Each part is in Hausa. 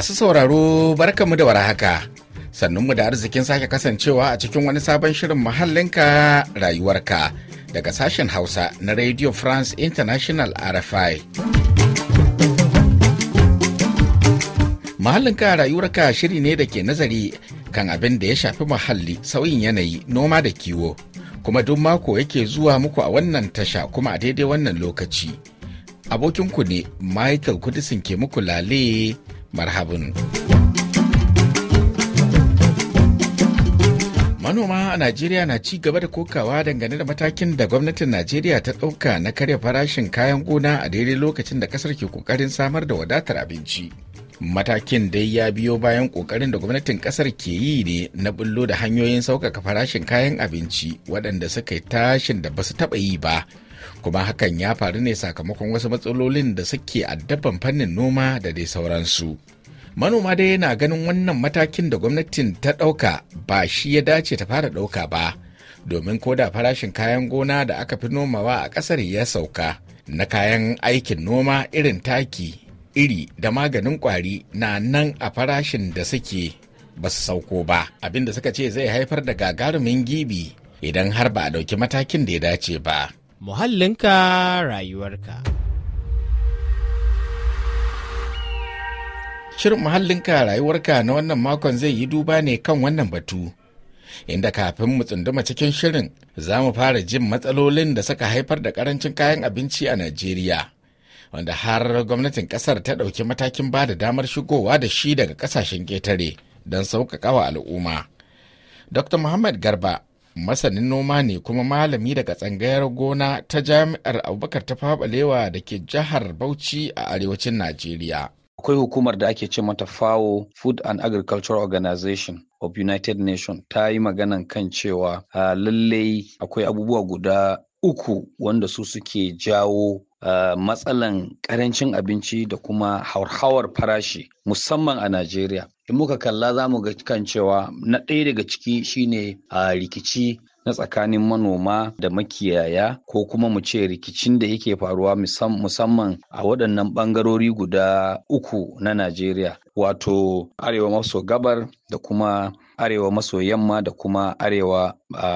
Masu sauraro barka barkanmu da warhaka. mu da arzikin sake kasancewa a cikin wani sabon shirin muhallinka rayuwarka daga sashen Hausa na Radio France International RFI. Muhallinka rayuwarka shiri ne da ke nazari kan abin da ya shafi muhalli sauyin yanayi noma da kiwo kuma duk mako yake zuwa muku a wannan tasha kuma a daidai wannan lokaci. Abokinku ne Michael Kudisin ke muku lale marhabin. manoma a najeriya na ci gaba da kokawa dangane da matakin da gwamnatin najeriya ta ɗauka na karya farashin kayan gona a daidai lokacin da kasar ke kokarin samar da wadatar abinci matakin dai ya biyo bayan kokarin da gwamnatin kasar ke yi ne na bullo da hanyoyin sauƙaƙa farashin kayan abinci waɗanda suka yi tashin da basu taɓa yi ba kuma hakan ya faru ne sakamakon wasu matsalolin da suke addaban fannin noma da dai sauransu manoma dai yana ganin wannan matakin da gwamnatin ta ɗauka ba shi ya dace ta fara ɗauka ba domin ko da farashin kayan gona da aka fi nomawa a ƙasar ya sauka na kayan aikin noma irin taki iri da maganin kwari na nan a farashin da suke ba su sauko ba Abin da suka ce zai haifar da gagarumin gibi idan har ba a ɗauki matakin da ya dace ba. muhallinka rayuwarka. Shirin muhallinka rayuwarka na wannan makon zai yi duba ne kan wannan batu. Inda kafin mu tsunduma cikin shirin za mu fara jin matsalolin da suka haifar da karancin kayan abinci a Najeriya. Wanda har gwamnatin kasar ta ɗauki matakin ba da damar shigowa da shi daga ƙasashen ƙetare don sauƙaƙa wa al'umma. Dr. Muhammad Garba masanin noma ne kuma malami daga tsangayar gona ta jami'ar abubakar ta fabalewa da ke jihar bauchi a arewacin najeriya akwai hukumar da ake ce mata fawo food and agricultural organization of united nations ta yi maganan kan cewa lallai akwai abubuwa guda uku wanda su suke jawo Uh, matsalan karancin abinci da kuma hauhawar farashi musamman a Najeriya. in muka kalla za mu ga kan cewa na ɗaya daga ciki shine a rikici na tsakanin manoma da makiyaya ko kuma mu ce rikicin da yake faruwa musamman a waɗannan ɓangarori guda uku na Najeriya wato arewa maso gabar da kuma arewa maso yamma da kuma arewa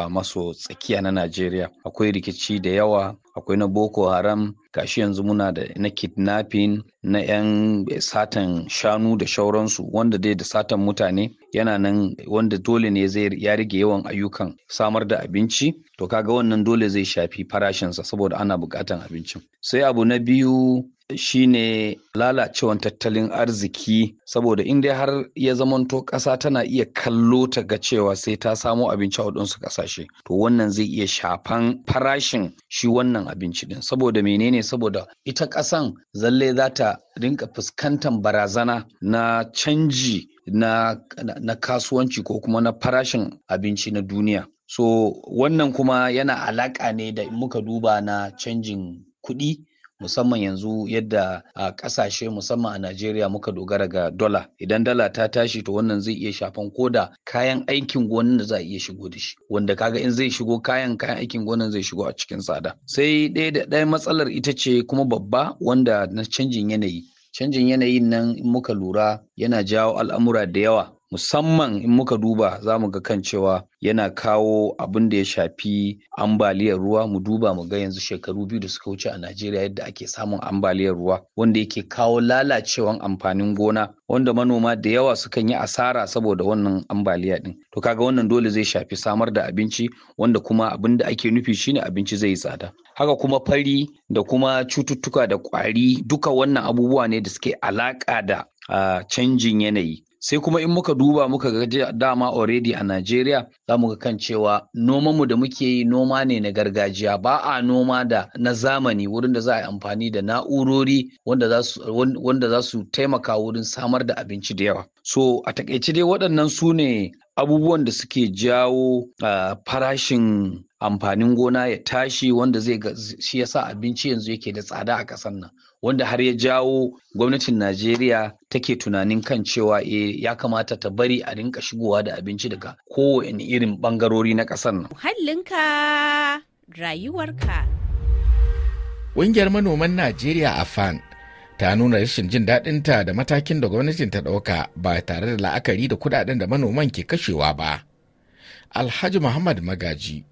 maso tsakiya na Najeriya. Akwai rikici da yawa, akwai na Boko Haram, gashi yanzu muna da na kidnapping, na 'yan eh, satan shanu da shauransu wanda dai da satan mutane yana nan wanda dole ne zai ya rage yawan ayyukan samar da abinci, to kaga wannan dole zai shafi farashinsa saboda ana bukatan abincin. Sai abu na biyu shine lalacewan tattalin arziki saboda in dai har ya zamanto ƙasa tana iya kallo ta ga cewa sai ta samo abinci a waɗansu ƙasashe to wannan zai iya shafan farashin shi wannan abinci din saboda menene saboda ita ƙasan zalle za ta rinka fuskantar barazana na canji na, na, na kasuwanci ko kuma na farashin abinci na duniya so wannan kuma yana alaƙa ne da muka duba na canjin kuɗi musamman yanzu yadda a kasashe musamman a Najeriya muka dogara ga dola idan dala ta tashi to wannan zai iya shafan koda kayan aikin gonan da za a iya shigo da shi wanda kaga in zai shigo kayan kayan aikin gonan zai shigo a cikin tsada sai ɗaya da ɗaya matsalar ita ce kuma babba wanda na canjin yanayi canjin yanayin nan in muka lura yana jawo al'amura da yawa musamman in muka duba za mu ga kan cewa yana kawo abin da ya shafi ambaliyar ruwa mu duba mu ga yanzu shekaru biyu da suka wuce a najeriya yadda ake samun ambaliyar ruwa wanda yake kawo lalacewan amfanin gona wanda manoma da yawa sukan yi asara saboda wannan ambaliya din to kaga wannan dole zai shafi samar da abinci wanda kuma abin da ake nufi shine abinci zai tsada haka kuma fari da kuma cututtuka da kwari duka wannan abubuwa ne da suke alaka da ah, canjin yanayi sai kuma in muka duba muka ga dama already a Najeriya za mu ga kan cewa noman mu da muke yi noma ne na gargajiya ba a noma da na zamani wurin da za a yi amfani da na'urori wanda za su taimaka wurin samar da abinci da yawa so a takaice dai waɗannan su ne abubuwan da suke jawo farashin amfanin gona ya tashi wanda zai shi yasa abinci yanzu yake da tsada a ƙasar nan wanda har ya jawo gwamnatin Najeriya take tunanin kan cewa e ya kamata ta bari a rinka shigowa da abinci daga kowane irin bangarori na ƙasar nan. Muhallinka rayuwarka. Ƙungiyar manoman Najeriya a fan ta nuna rashin jin daɗinta da matakin da gwamnatin ta ɗauka ba tare da la'akari da kuɗaɗen da manoman ke kashewa ba. Alhaji Muhammad Magaji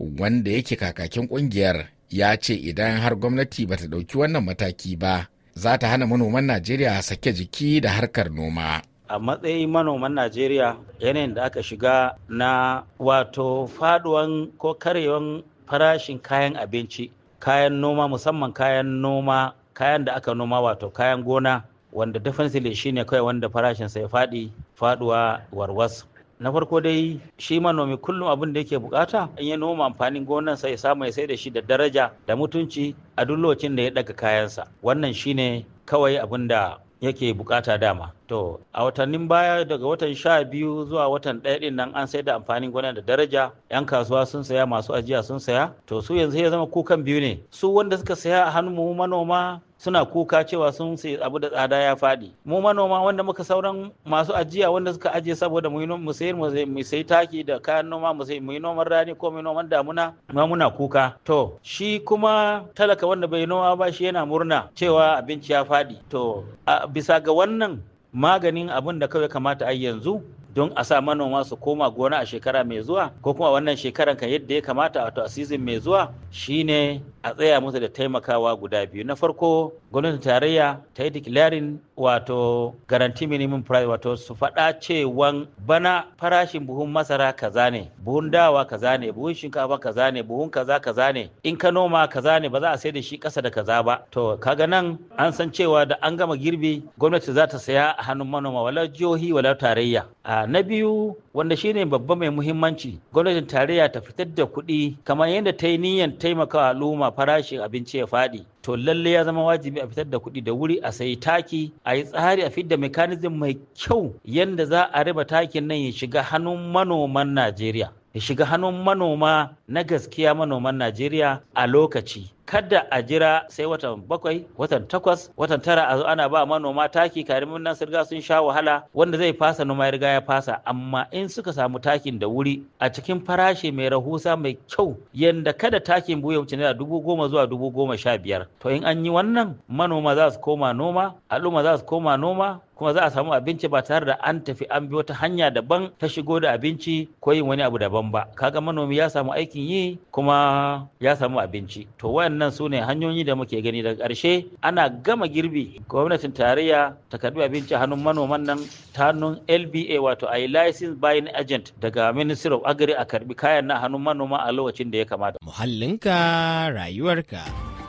wanda yake kakakin ƙungiyar ya ce idan har gwamnati ba ta ɗauki wannan mataki ba za ta hana manoman najeriya sake jiki da harkar noma a matsayin manoman najeriya yanayin da aka shiga na wato faduwan ko karewan farashin kayan abinci kayan noma musamman kayan noma kayan da aka noma wato kayan gona wanda definitely shine kawai wanda farashin sai faɗi faduwa warwas na farko dai shi manomi kullum abin da yake bukata in ya noma amfanin gonan sai ya samu ya sai da shi da daraja da mutunci a duk lokacin da ya daga kayansa wannan shine kawai abin da yake bukata dama to a watannin baya daga watan sha biyu zuwa watan ɗaya ɗin nan an sai da amfanin gona da daraja yan kasuwa sun saya masu ajiya sun saya to su yanzu ya zama kukan biyu ne su wanda suka saya a hannu manoma suna kuka cewa sun sai abu da tsada ya faɗi mu manoma wanda muka sauran masu ajiya wanda suka ajiye saboda mu mu sayi taki da kayan noma mu sayi mu yi noman rani ko mu noman damuna ma muna kuka to shi kuma talaka wanda bai noma ba shi yana murna cewa abinci ya faɗi to bisa ga wannan maganin abin da kawai kamata a yanzu don a sa manoma su koma gona a shekara mai zuwa ko kuma wannan shekaran kan yadda ya kamata wato a season mai zuwa shine a tsaya musu da taimakawa guda biyu na farko gwamnatin tarayya ta yi declaring wato garanti minimum price wato su faɗa cewan bana farashin buhun masara kaza ne buhun dawa kaza ne buhun shinkafa kaza ne buhun kaza kaza ne in ka noma kaza ne ba za a sai da shi ƙasa da kaza ba to kaga nan an san cewa da an gama girbi gwamnati za ta saya a hannun manoma wala jihohi wala tarayya a na biyu wanda shine babba mai muhimmanci gwamnatin tarayya ta fitar da kuɗi kamar yadda ta yi niyyar taimakawa al'umma farashin abinci ya faɗi to lalle ya zama wajibi a fitar da kuɗi da wuri a sayi taki a yi tsari a fitar da mekanizm mai kyau yadda za a riba takin nan ya shiga hannun manoman najeriya ya shiga hannun manoma na gaskiya manoman najeriya a lokaci kada a jira sai watan bakwai watan takwas watan tara a zo ana ba manoma taki karimin nan sun sun sha wahala wanda zai fasa noma ya riga ya fasa amma in suka samu takin da wuri a cikin farashi mai rahusa mai kyau yanda kada takin buya wuce naira dubu goma zuwa dubu goma sha biyar to in an yi wannan manoma za su koma noma al'umma za su koma noma kuma za a samu abinci ba tare da an tafi an bi wata hanya daban ta shigo da abinci ko yin wani abu daban ba kaga manomi ya samu aikin yi kuma ya samu abinci to wayan waɗannan su ne hanyoyi da muke gani daga ƙarshe ana gama girbi gwamnatin tarayya ta karbi abinci hannun manoman nan ta hannun lba wato a license buying agent daga minister of agri a karbi kayan na hannun manoma a lokacin da ya kamata muhallinka rayuwarka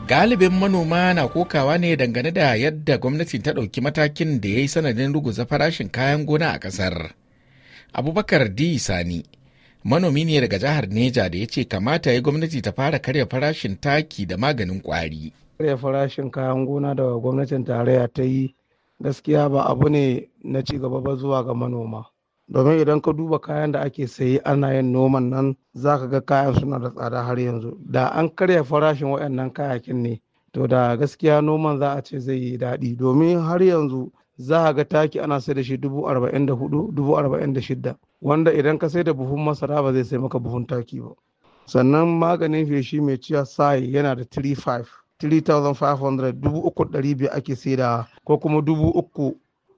galibin manoma na kokawa ne dangane da yadda gwamnati ta ɗauki matakin da ya yi sanadin ruguza farashin kayan gona a ƙasar abubakar d sani manomi ne daga jihar neja da ya ce kamata ya gwamnati ta fara karya farashin taki da maganin kwari karya farashin kayan gona da gwamnatin tarayya ta yi gaskiya ba abu ne na ci gaba ba zuwa ga manoma domin idan ka duba kayan da ake sayi ana yin noman nan za ka ga kayan suna da tsada har yanzu da an karya farashin waɗannan kayakin ne to da gaskiya noman za a ce zai yi daɗi domin har yanzu za a ga taki ana sai da shi dubu arba'in da hudu dubu arba'in da shidda wanda idan ka sai da buhun masara ba zai sai maka buhun taki ba sannan maganin feshi mai ciya sai yana da 3500 3500 dubu uku ɗari biyu ake saida ko kuma dubu uku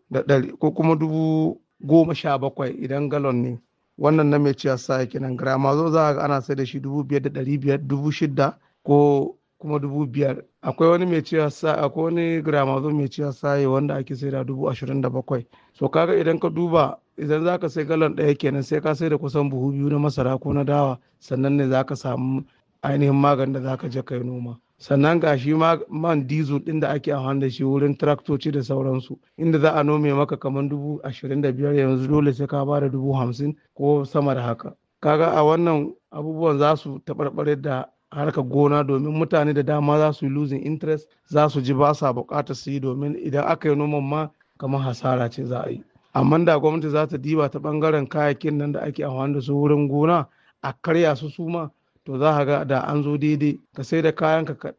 da ɗari ko kuma dubu goma sha bakwai idan galon ne wannan na mai ciya sai kenan grama zo za a ga ana sai da shi dubu biyar da ɗari biyar dubu shidda ko kuma dubu biyar akwai wani mai ciyar sa akwai wani gramazon mai ciyar saye wanda ake sai da dubu ashirin da bakwai so kaga idan ka duba idan za ka sai galon ɗaya kenan sai ka sai da kusan buhu biyu na masara ko na dawa sannan ne za ka samu ainihin maganin da za ka je kai noma sannan ga shi man diesel ɗin da ake amfani da shi wurin traktoci da sauransu inda za a nome maka kamar dubu ashirin da biyar yanzu dole sai ka bada dubu hamsin ko sama da haka kaga a wannan abubuwan za su taɓarɓare da harkar gona domin mutane da dama za su yi losing interest za su ji ba sa bukatar su yi domin idan aka yi noman ma kamar hasara ce za a yi amma da gwamnati za ta diba ta bangaren kayayyakin nan da ake amfani da su wurin gona a karya su suma to za ka ga da an zo daidai ka sai da kayan ka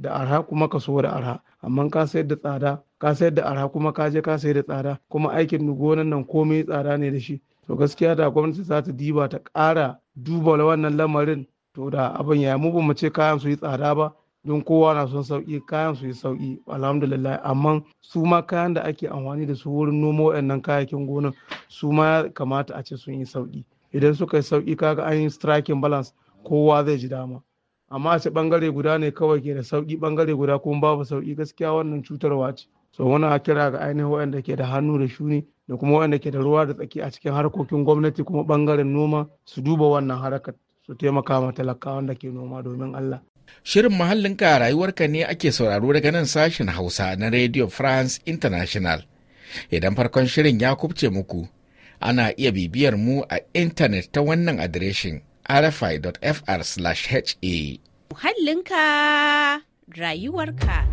da arha kuma ka so da arha amma ka sayar da tsada ka sayar da arha kuma ka je ka sayar da tsada kuma aikin gonan nan komai tsada ne da shi to gaskiya da gwamnati za ta diba ta kara duba wannan lamarin to da abin ya mu mu ce kayan su yi tsada ba don kowa na son sauki kayan su yi sauki alhamdulillah amma su ma kayan da ake amfani da su wurin noma waɗannan kayakin gonan su ma kamata a ce sun yi sauki idan suka yi sauki kaga an yi striking balance kowa zai ji dama amma a ce bangare guda ne kawai ke da sauki bangare guda kuma babu sauki gaskiya wannan cutarwa ce so a kira ga ainihin waɗanda ke da hannu da shuni da kuma waɗanda ke da ruwa da tsaki a cikin harkokin gwamnati kuma bangaren noma su duba wannan harakar su taimaka ma talakawan da ke noma domin Allah. Shirin muhallinka rayuwarka ne ake sauraro daga nan sashen Hausa na Radio France International. Idan farkon shirin ya kubce muku, ana iya bibiyar mu a intanet ta wannan adireshin rfi.fr/ha. Muhallinka rayuwarka.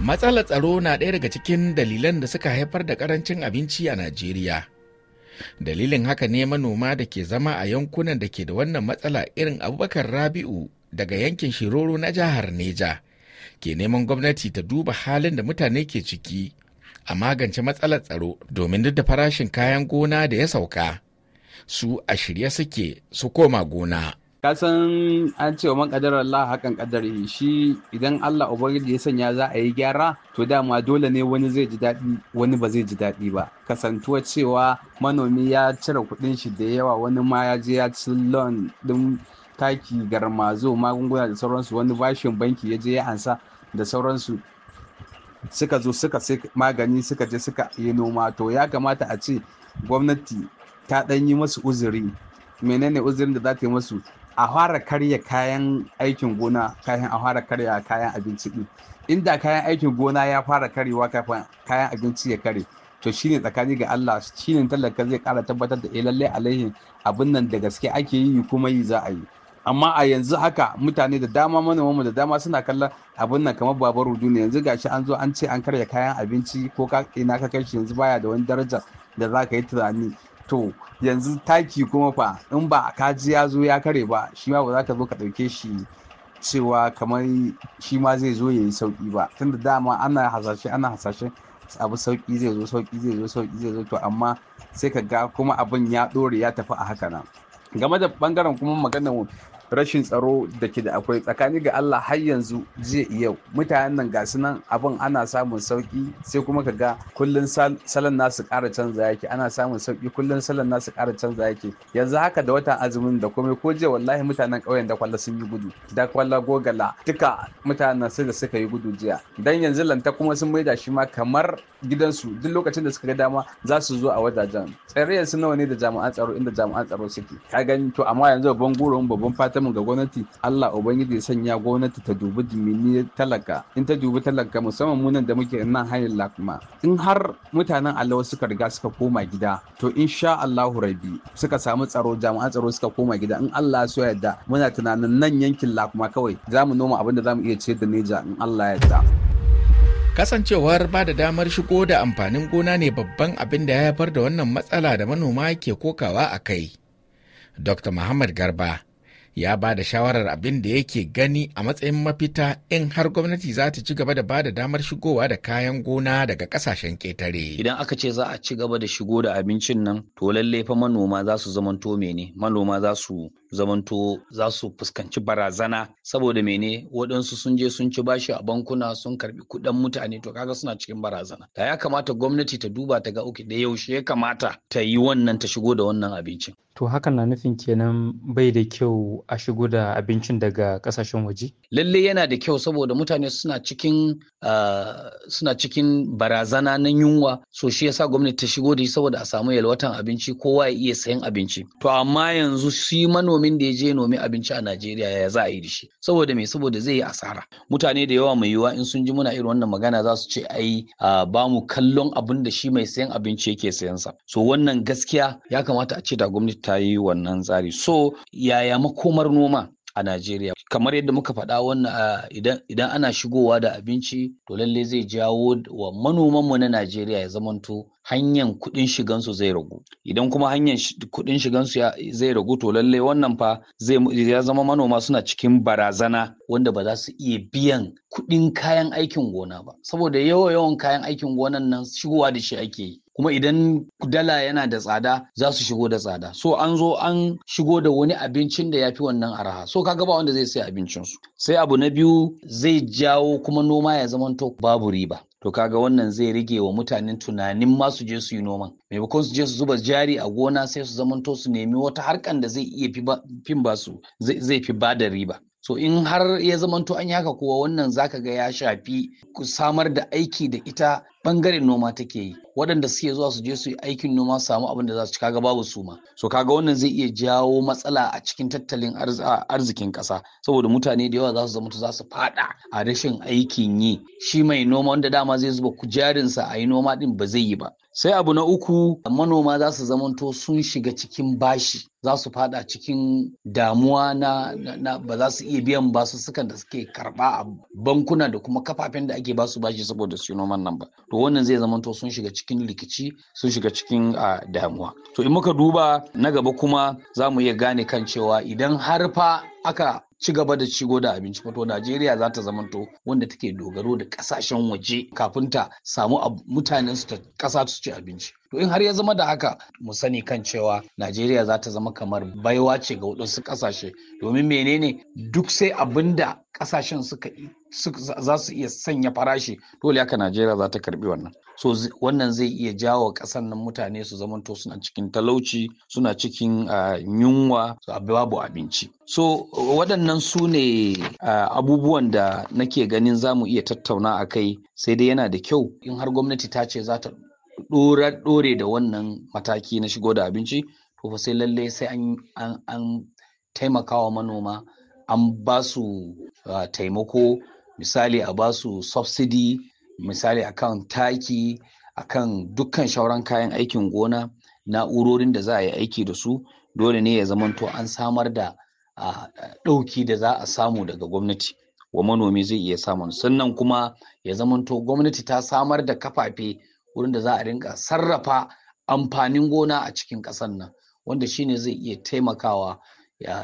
Matsalar tsaro na ɗaya daga cikin dalilan da suka haifar da ƙarancin abinci a Najeriya. dalilin haka ne manoma da ke zama a yankunan da ke da wannan matsala irin abubakar rabi'u daga yankin shiroro na jihar neja ke neman gwamnati ta duba halin da mutane ke ciki a magance matsalar tsaro domin duk da farashin kayan gona da ya sauka su a shirye suke su koma gona Kasan an ce wa man qadara Allah hakan kadari shi idan Allah ubangiji ya sanya za a yi gyara to dama dole ne wani zai ji daɗi wani ba zai ji daɗi ba kasantuwa cewa manomi ya cire kuɗin shi da yawa wani ma ya je ya ci loan din taki garmazo magunguna da sauransu wani bashin banki ya je ya ansa da sauransu suka zo suka sai magani suka je suka yi noma to ya kamata a ce gwamnati ta ɗan yi masu uzuri menene uzurin da za ta yi masu a fara karya kayan aikin gona kafin a fara karya kayan abinci din inda kayan aikin gona ya fara karewa kafin kayan abinci ya kare to shine tsakani ga Allah shine talaka zai kara tabbatar da eh lalle alaihi abin nan da gaske ake yi kuma yi za a yi amma a yanzu haka mutane da dama manoman da dama suna kallon abin nan kamar babar rudu ne yanzu gashi an zo an ce an karya kayan abinci ko ka ina ka kai shi yanzu baya da wani daraja da za ka yi tunani to yanzu taki kuma fa in ba kaji ya zo ya kare ba shi ma ba za ka zo ka ɗauke shi cewa kamar shi ma zai zo ya yi sauƙi ba tunda dama ana hasashe ana hasashe abu sauƙi zai zo sauƙi zai zo sauƙi zai zo to amma sai ka ga kuma abin ya ɗore ya tafi a haka nan game da bangaren kuma maganar rashin tsaro da ke da akwai tsakani ga Allah har yanzu jiya yau mutanen nan ga nan abin ana samun sauki sai kuma ka ga kullun salon nasu ƙara canza yake ana samun sauki kullun salon nasu ƙara canza yake yanzu haka da watan azumin da komai ko jiya wallahi mutanen ƙauyen da kwalla sun yi gudu da kwalla gogala duka mutanen sai da suka yi gudu jiya dan yanzu lanta kuma sun maida shi ma kamar gidansu duk lokacin da suka ga dama za su zo a wajajen tsare yanzu nawa ne da jami'an tsaro inda jami'an tsaro suke ka gani to amma yanzu babban gurin babban fata mu ga gwamnati Allah ubangiji ya sanya gwamnati ta dubi dimini talaka in ta dubi talaka musamman munan da muke nan hanyar lakma in har mutanen Allah suka riga suka koma gida to insha Allahu rabi suka samu tsaro jami'an tsaro suka koma gida in Allah so yarda muna tunanin nan yankin lakma kawai zamu noma abin da za mu iya ciyar da neja in Allah ya yarda kasancewar ba da damar shigo da amfanin gona ne babban abin da ya haifar da wannan matsala da manoma ke kokawa a kai dr muhammad garba ya ba da shawarar abin da yake gani a matsayin mafita in har gwamnati za ta ci gaba da ba da damar shigowa da kayan gona daga kasashen ketare Idan aka ce za a ci gaba da shigo da abincin nan, to lalle fa manoma za su zamanto mene? Manoma za su zamanto za su fuskanci barazana saboda mene waɗansu sun je sun ci bashi a bankuna sun karbi kuɗin mutane to kaga suna cikin barazana da ya kamata gwamnati ta duba ta ga uku da yaushe ya kamata ta yi wannan ta shigo da wannan abincin to hakan na nufin kenan bai da kyau a shigo da abincin daga kasashen waje? lallai yana da kyau saboda mutane suna cikin suna cikin barazana na yunwa so shi yasa gwamnati ta shigo da shi saboda a samu yalwatan abinci kowa ya iya sayan abinci to amma yanzu shi manomin da ya je nomi abinci a Najeriya ya za a yi da shi saboda me saboda zai yi asara mutane da yawa mai yiwuwa in sun ji muna irin wannan magana za su ce ai ba mu kallon abin da shi mai sayan abinci yake sayan sa so wannan gaskiya ya kamata a ce da gwamnati ta yi wannan tsari so yaya makomar noma a Najeriya kamar yadda muka faɗa wannan idan ana shigowa da abinci to lalle zai jawo wa manomanmu na Najeriya ya zamanto hanyar kuɗin shigansu zai ragu idan kuma hanyar kuɗin shigansu zai ragu to lalle wannan fa zai ya zama manoma suna cikin barazana wanda ba za su iya biyan kuɗin kayan aikin gona ba saboda yawa yawan kayan aikin gonan nan shigowa da shi ake yi kuma idan dala yana da tsada za su shigo da tsada so an zo an shigo da wani abincin da ya fi wannan araha so kaga ba wanda zai sai abincinsu sai abu na biyu zai jawo kuma noma ya zamanto babu riba to kaga wannan zai rage wa mutanen tunanin ma su je su yi noman maimakon su je su zuba jari a gona sai su zamanto su nemi wata harkan da zai iya fin ba su zai fi ba da riba so in har ya zamanto an yi haka kuwa wannan zaka ga ya shafi samar da aiki da ita bangaren noma take yi waɗanda suke zuwa su je su yi aikin noma samu abin da za su ci kaga babu su ma so kaga wannan zai iya jawo matsala a cikin tattalin arzikin ƙasa saboda mutane da yawa za su zama za su fada a rashin aikin yi shi mai noma wanda dama zai zuba kujarinsa a yi noma din ba zai yi ba sai abu na uku manoma za su zamanto sun shiga cikin bashi za su fada cikin damuwa na, ba za su iya biyan sukan da suke karba a bankuna da kuma kafafen da ake basu bashi saboda su noman nan ba to wannan zai zama to sun shiga cikin rikici sun shiga cikin damuwa to in muka duba na gaba kuma za mu iya gane kan cewa idan har fa aka ci gaba da cigo da abinci to Najeriya za ta zamanto wanda take dogaro da kasashen waje kafin ta samu mutanen su ta kasa su ci abinci to in har ya zama da haka mu sani kan cewa najeriya za ta zama kamar baiwa ce ga waɗansu ƙasashe domin menene duk sai abin da ƙasashen suka za su iya sanya farashi dole haka najeriya za ta karbi wannan so wannan zai iya jawo ƙasan nan mutane su zamanto suna cikin talauci suna cikin yunwa babu abinci so waɗannan su ne abubuwan da nake ganin za mu iya tattauna a kai sai dai yana da kyau in har gwamnati ta ce za ta ɗore da wannan mataki na shigo da abinci to fa sai lalle sai an an an taimakawa manoma an ba su taimako misali a ba su subsidy misali akan taki akan dukkan shauran kayan aikin gona na'urorin da za a yi aiki da su dole ne ya zamanto an samar da ɗauki da za a samu daga gwamnati wa manomi zai iya samun sannan kuma ya zamanto gwamnati ta samar da kafafe wurin da za a rinka sarrafa amfanin gona a cikin ƙasar nan wanda shine zai iya taimakawa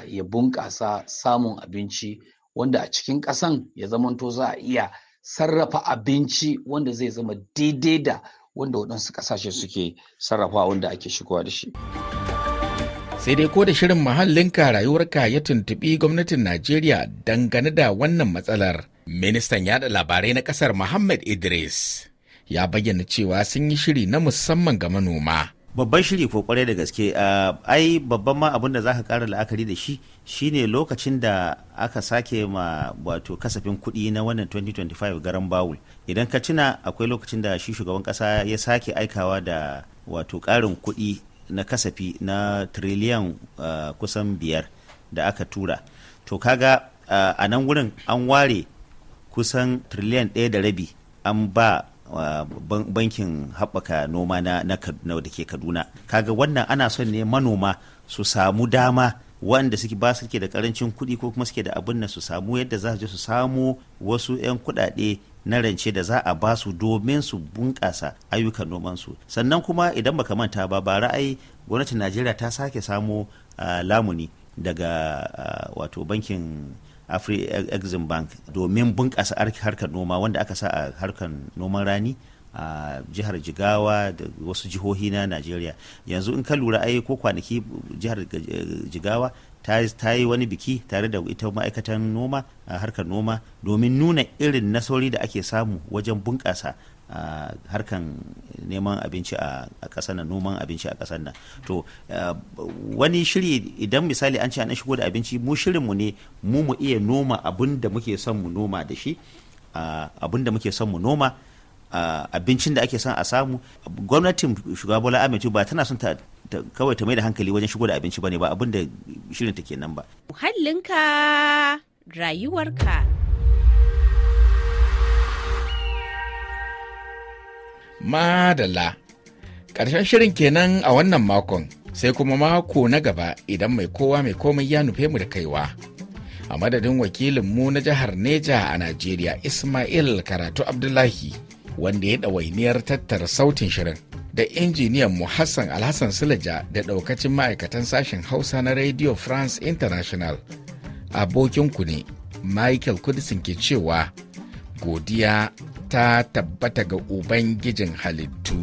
ya bunƙasa samun abinci wanda a cikin ƙasan ya zamanto za a iya sarrafa abinci wanda zai zama daidai da wanda waɗansu ƙasashe suke sarrafa wanda ake shigowa da shi. sai dai ko da shirin muhallinka rayuwarka ya tuntuɓi gwamnatin najeriya dangane da wannan matsalar ministan yada labarai na ƙasar muhammad idris ya bayyana cewa sun yi shiri na musamman ga manoma. Babban shiri ko kwarai da gaske eh, ai babban ma abin da za ka kara la'akari da shi shine lokacin da aka sake ma wato kasafin kuɗi na wannan 2025 garan bawul idan ka cina akwai lokacin da shi shugaban ƙasa ya sake aikawa da wato ƙarin kuɗi na kasafi na triliyan eh, kusan biyar da aka tura to kaga eh, a nan wurin an ware kusan triliyan ɗaya da rabi an ba bankin haɓaka noma na, da ke kaduna kaga wannan ana son ne manoma su samu dama wanda suke ba suke da karancin kuɗi ko kuma suke da abin su samu yadda za su je su samu wasu 'yan kuɗaɗe na rance da za a ba su domin su bunƙasa ayyukan nomansu sannan kuma idan baka manta ba ba ra'ayi gwamnatin najeriya ta sake samo lamuni daga wato bankin afri exim bank domin bunƙasa harkar noma wanda aka sa a harkar noman rani a jihar jigawa da wasu jihohi na najeriya yanzu in ka lura ai ko kwanaki jihar jigawa ta yi wani biki tare da ita ma'aikatan noma a harkar noma domin nuna irin nasori da ake samu wajen bunƙasa a harkan neman abinci a ƙasar nan noman abinci a ƙasar nan to wani shiri idan misali an ce an shigo da abinci mu shirinmu ne mu mu iya noma abin da muke son mu noma da shi abin da muke son mu noma abincin da ake son a samu gwamnatin shugaba bola ahmed ba tana son ta kawai ta mai da hankali wajen shigo da abinci bane ba abin da shirin ta nan ba muhallinka rayuwarka madala ƙarshen shirin kenan a wannan makon sai kuma mako na gaba idan mai kowa mai komai ya nufe mu da kaiwa a madadin wakilinmu na jihar neja a najeriya ismail karatu abdullahi wanda ya ɗawainiyar tattara sautin shirin da injiniyan mu hassan alhassan Sulaja da ɗaukacin ma'aikatan sashen hausa na radio france international abokinku ne michael kudisin ke cewa godiya ta tabbata ga ubangijin halittu.